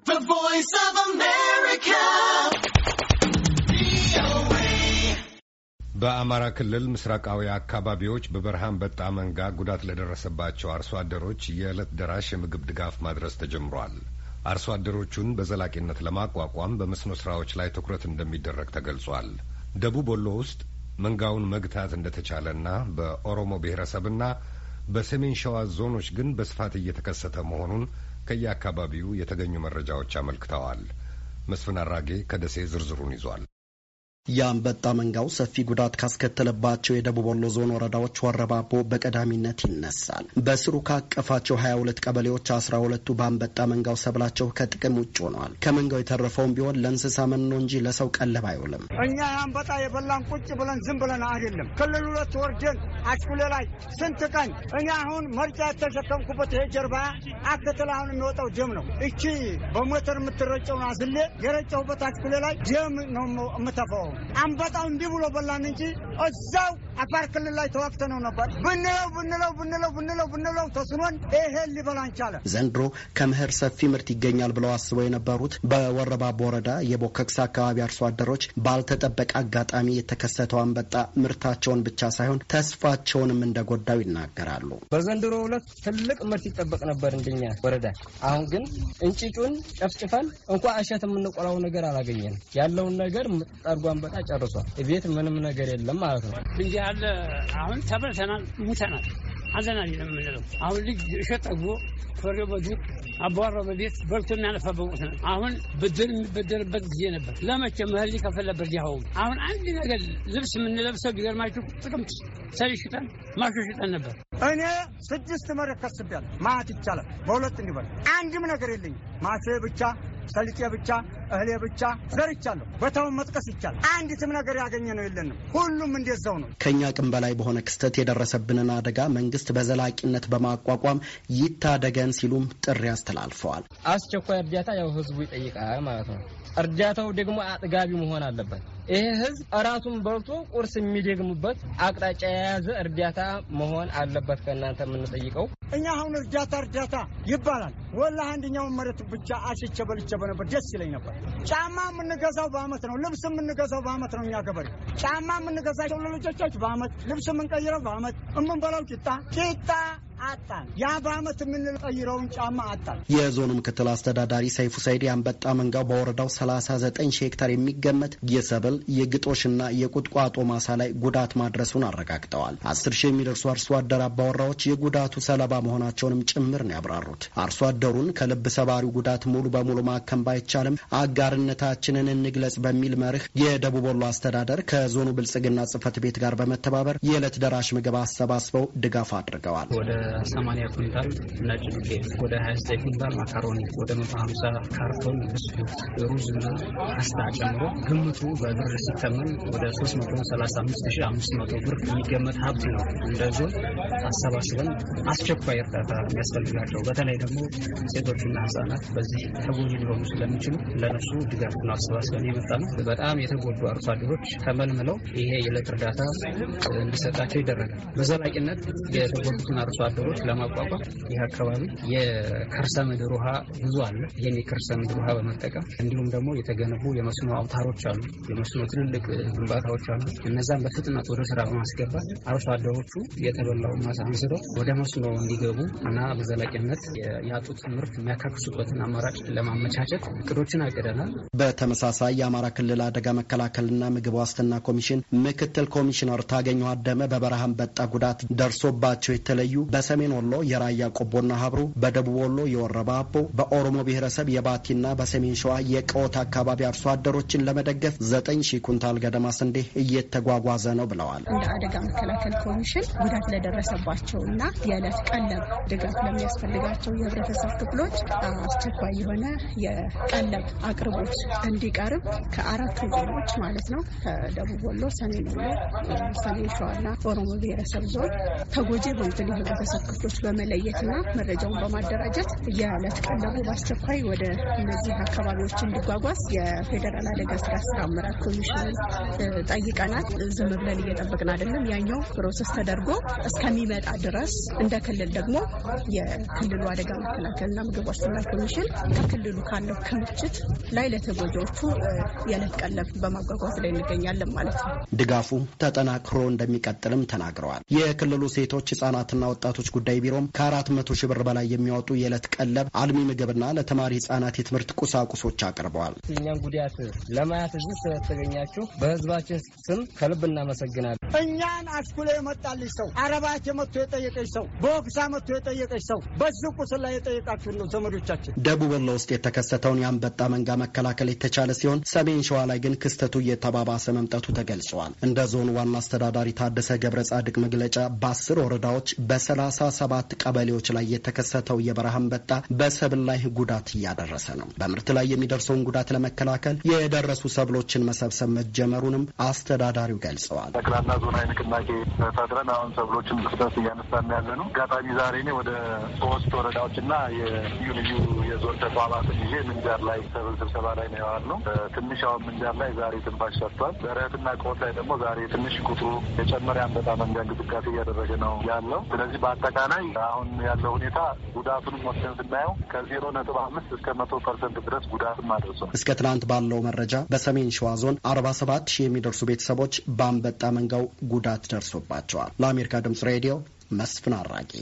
The Voice of America. በአማራ ክልል ምስራቃዊ አካባቢዎች በበርሃን በጣ መንጋ ጉዳት ለደረሰባቸው አርሶ አደሮች የዕለት ደራሽ የምግብ ድጋፍ ማድረስ ተጀምሯል። አርሶ አደሮቹን በዘላቂነት ለማቋቋም በመስኖ ስራዎች ላይ ትኩረት እንደሚደረግ ተገልጿል። ደቡብ ወሎ ውስጥ መንጋውን መግታት እንደተቻለና በኦሮሞ ብሔረሰብና በሰሜን ሸዋ ዞኖች ግን በስፋት እየተከሰተ መሆኑን ከየአካባቢው የተገኙ መረጃዎች አመልክተዋል። መስፍን አራጌ ከደሴ ዝርዝሩን ይዟል። የአንበጣ መንጋው ሰፊ ጉዳት ካስከተለባቸው የደቡብ ወሎ ዞን ወረዳዎች ወረባቦ በቀዳሚነት ይነሳል። በስሩ ካቀፋቸው 22 ቀበሌዎች 12ቱ በአንበጣ መንጋው ሰብላቸው ከጥቅም ውጭ ሆነዋል። ከመንጋው የተረፈውም ቢሆን ለእንስሳ መኖ እንጂ ለሰው ቀለብ አይውልም። እኛ የአንበጣ የበላን ቁጭ ብለን ዝም ብለን አይደለም። ክልል ሁለት ወርደን አሽኩሌ ላይ ስንት ቀን እኔ አሁን መርጫ የተሸከምኩበት ይሄ ጀርባ አክትል አሁን የሚወጣው ደም ነው። እቺ በሞተር የምትረጨውን አዝሌ የረጨሁበት አሽኩሌ ላይ ደም ነው የምተፋው an bata an diburo balla ninci እዛው አፋር ክልል ላይ ነው ነበር። ብንለው ብንለው ብንለው ብንለው ብንለው ተስኖን ይሄን ሊበላን ዘንድሮ ከምህር ሰፊ ምርት ይገኛል ብለው አስበው የነበሩት በወረባቦ ወረዳ የቦከክስ አካባቢ አርሶ አደሮች ባልተጠበቀ አጋጣሚ የተከሰተው አንበጣ ምርታቸውን ብቻ ሳይሆን ተስፋቸውንም እንደጎዳው ይናገራሉ። በዘንድሮ ሁለት ትልቅ ምርት ይጠበቅ ነበር እንደኛ ወረዳ። አሁን ግን እንጭጩን ጨፍጭፈን እንኳ እሸት የምንቆላው ነገር አላገኘን። ያለውን ነገር ጠርጎ አንበጣ ጨርሷል። ቤት ምንም ነገር የለም። ማለት ነው። እንዲህ ያለ አሁን ተበልተናል፣ ሙተናል፣ አዘናል የምንለው አሁን ልጅ እሸት ጠግቦ ፍሬው በዱር በቤት በልቶ በቁት ነው። አሁን ብድር የሚበደርበት ጊዜ ነበር። ለመቼ መህል ከፈለበት ያው አሁን አንድ ነገር ልብስ የምንለብሰው ቢገርማችሁ ጥቅምት ሰሪ ሽጠን ማሾ ሽጠን ነበር። እኔ ስድስት መሬት ከስቤያለሁ። ማት ይቻላል በሁለት እንዲበል አንድም ነገር የለኝ ማሾ ብቻ ሰሊጤ ብቻ እህሌ ብቻ ዘርቻለሁ። ቦታውን መጥቀስ ይቻላል። አንዲትም ነገር ያገኘ ነው የለንም። ሁሉም እንደዛው ነው። ከእኛ ቅን በላይ በሆነ ክስተት የደረሰብንን አደጋ መንግስት በዘላቂነት በማቋቋም ይታደገን ሲሉም ጥሪ አስተላልፈዋል። አስቸኳይ እርዳታ ያው ህዝቡ ይጠይቃል ማለት ነው። እርዳታው ደግሞ አጥጋቢ መሆን አለበት። ይሄ ህዝብ እራቱን በልቶ ቁርስ የሚደግምበት አቅጣጫ የያዘ እርዳታ መሆን አለበት። ከእናንተ የምንጠይቀው እኛ አሁን እርዳታ እርዳታ ይባላል። ወላሂ አንደኛውን መሬት ብቻ አሽቼ በልቼ በነበር ደስ ይለኝ ነበር። ጫማ የምንገዛው በአመት ነው። ልብስ የምንገዛው በአመት ነው። እኛ ገበሬ ጫማ የምንገዛቸው ለልጆቻች በአመት ልብስ የምንቀይረው በአመት የምንበላው ቂጣ ቂጣ አጣን። ያ በአመት የምንቀይረውን ጫማ አጣን። የዞኑ ምክትል አስተዳዳሪ ሰይፉ ሰይድ አንበጣ መንጋው በወረዳው 39 ሺህ ሄክታር የሚገመት የሰብል የግጦሽና የቁጥቋጦ ማሳ ላይ ጉዳት ማድረሱን አረጋግጠዋል። አስር ሺህ የሚደርሱ አርሶ አደር አባወራዎች የጉዳቱ ሰለባ መሆናቸውንም ጭምር ነው ያብራሩት። አርሶ አደሩን ከልብ ሰባሪው ጉዳት ሙሉ በሙሉ ማከም ባይቻልም አጋርነታችንን እንግለጽ በሚል መርህ የደቡብ ወሎ አስተዳደር ከዞኑ ብልጽግና ጽህፈት ቤት ጋር በመተባበር የዕለት ደራሽ ምግብ አሰባስበው ድጋፍ አድርገዋል። 80 ኩንታል ነጭ ዱቄት፣ ወደ 29 ኩንታል ማካሮኒ፣ ወደ 150 ካርቶን ብስኩት፣ ሩዝና ፓስታ ጨምሮ ግምቱ በብር ሲተመን ወደ 335500 ብር የሚገመት ሀብት ነው። እንደ ዞን አሰባስበን አስቸኳይ እርዳታ የሚያስፈልጋቸው በተለይ ደግሞ ሴቶችና ህጻናት በዚህ ተጎጂ ሊሆኑ ስለሚችሉ ለነሱ ድጋፍ ነው አሰባስበን የመጣ ነው። በጣም የተጎዱ አርሶ አደሮች ተመልምለው ይሄ የዕለት እርዳታ እንዲሰጣቸው ይደረጋል። በዘላቂነት የተጎዱትን አርሶ አደሮች ነገሮች ለማቋቋም ይህ አካባቢ የከርሰ ምድር ውሃ ብዙ አለ። ይህን የከርሰ ምድር ውሃ በመጠቀም እንዲሁም ደግሞ የተገነቡ የመስኖ አውታሮች አሉ። የመስኖ ትልልቅ ግንባታዎች አሉ። እነዛን በፍጥነት ወደ ስራ በማስገባት አርሶ አደሮቹ የተበላው ማሳ አንስተው ወደ መስኖ እንዲገቡ እና በዘላቂነት ያጡት ምርት የሚያካክሱበትን አማራጭ ለማመቻቸት እቅዶችን አቅደናል። በተመሳሳይ የአማራ ክልል አደጋ መከላከልና ምግብ ዋስትና ኮሚሽን ምክትል ኮሚሽነር ታገኘ አደመ በበረሃ አንበጣ ጉዳት ደርሶባቸው የተለዩ በ በሰሜን ወሎ የራያ ቆቦና ሀብሩ፣ በደቡብ ወሎ የወረባቦ፣ በኦሮሞ ብሔረሰብ የባቲና በሰሜን ሸዋ የቀወት አካባቢ አርሶ አደሮችን ለመደገፍ ዘጠኝ ሺህ ኩንታል ገደማ ስንዴ እየተጓጓዘ ነው ብለዋል። እንደ አደጋ መከላከል ኮሚሽን ጉዳት ለደረሰባቸውና የዕለት ቀለብ ድጋፍ ለሚያስፈልጋቸው የህብረተሰብ ክፍሎች አስቸኳይ የሆነ የቀለብ አቅርቦት እንዲቀርብ ከአራቱ ዞኖች ማለት ነው ከደቡብ ወሎ፣ ሰሜን ወሎ፣ ሰሜን ሸዋና ኦሮሞ ብሔረሰብ ዞን ተጎጂ የሆኑትን ክፍሎች በመለየትና መረጃውን በማደራጀት የዕለት ቀለቡ በአስቸኳይ ወደ እነዚህ አካባቢዎች እንዲጓጓዝ የፌዴራል አደጋ ስራ ስራ አመራር ኮሚሽንን ጠይቀናል። ዝም ብለን እየጠበቅን አይደለም። ያኛው ፕሮሰስ ተደርጎ እስከሚመጣ ድረስ እንደ ክልል ደግሞ የክልሉ አደጋ መከላከልና ምግብ ዋስትና ኮሚሽን ከክልሉ ካለው ክምችት ላይ ለተጎጂዎቹ የዕለት ቀለብ በማጓጓዝ ላይ እንገኛለን ማለት ነው። ድጋፉ ተጠናክሮ እንደሚቀጥልም ተናግረዋል። የክልሉ ሴቶች ህጻናትና ወጣቶች የወጣቶች ጉዳይ ቢሮም ከአራት መቶ ሺህ ብር በላይ የሚያወጡ የዕለት ቀለብ፣ አልሚ ምግብና ለተማሪ ህጻናት የትምህርት ቁሳቁሶች አቅርበዋል። እኛም ጉዳት ለማያት እዚህ ስለተገኛችሁ በህዝባችን ስም ከልብ እናመሰግናለን። እኛን አስኩሎ የመጣልሽ ሰው፣ አረባች መጥቶ የጠየቀች ሰው፣ በወግሳ መጥቶ የጠየቀች ሰው በዚህ ቁስል ላይ የጠየቃችሁ ነው ዘመዶቻችን። ደቡብ ወሎ ውስጥ የተከሰተውን የአንበጣ መንጋ መከላከል የተቻለ ሲሆን ሰሜን ሸዋ ላይ ግን ክስተቱ እየተባባሰ መምጠቱ ተገልጸዋል። እንደ ዞኑ ዋና አስተዳዳሪ ታደሰ ገብረ ጻድቅ መግለጫ በአስር ወረዳዎች በሰላሳ ሰባት ቀበሌዎች ላይ የተከሰተው የበረሃ አንበጣ በሰብል ላይ ጉዳት እያደረሰ ነው። በምርት ላይ የሚደርሰውን ጉዳት ለመከላከል የደረሱ ሰብሎችን መሰብሰብ መጀመሩንም አስተዳዳሪው ገልጸዋል። ጠቅላላ ዞናዊ ንቅናቄ ፈጥረን አሁን ሰብሎችን በስፋት እያነሳን ያለ ነው። አጋጣሚ ዛሬ እኔ ወደ ሶስት ወረዳዎችና የልዩ ልዩ የዞን ተቋማት ጊዜ ምንጃር ላይ ሰብል ስብሰባ ላይ ነው ትንሽ አሁን ምንጃር ላይ ዛሬ ትንፋሽ ሰጥቷል። በረህትና ቆት ላይ ደግሞ ዛሬ ትንሽ ቁጥሩ የጨመረ አንበጣ መንጋ እንቅስቃሴ እያደረገ ነው ያለው። ስለዚህ በአጠቃላይ አሁን ያለው ሁኔታ ጉዳቱንም ወስደን ስናየው ከዜሮ ነጥብ አምስት እስከ መቶ ፐርሰንት ድረስ ጉዳትም ነው። እስከ ትናንት ባለው መረጃ በሰሜን ሸዋ ዞን አርባ ሰባት ሺህ የሚደርሱ ቤተሰቦች በአንበጣ መንጋው ጉዳት ደርሶባቸዋል። ለአሜሪካ ድምጽ ሬዲዮ መስፍን አራቂ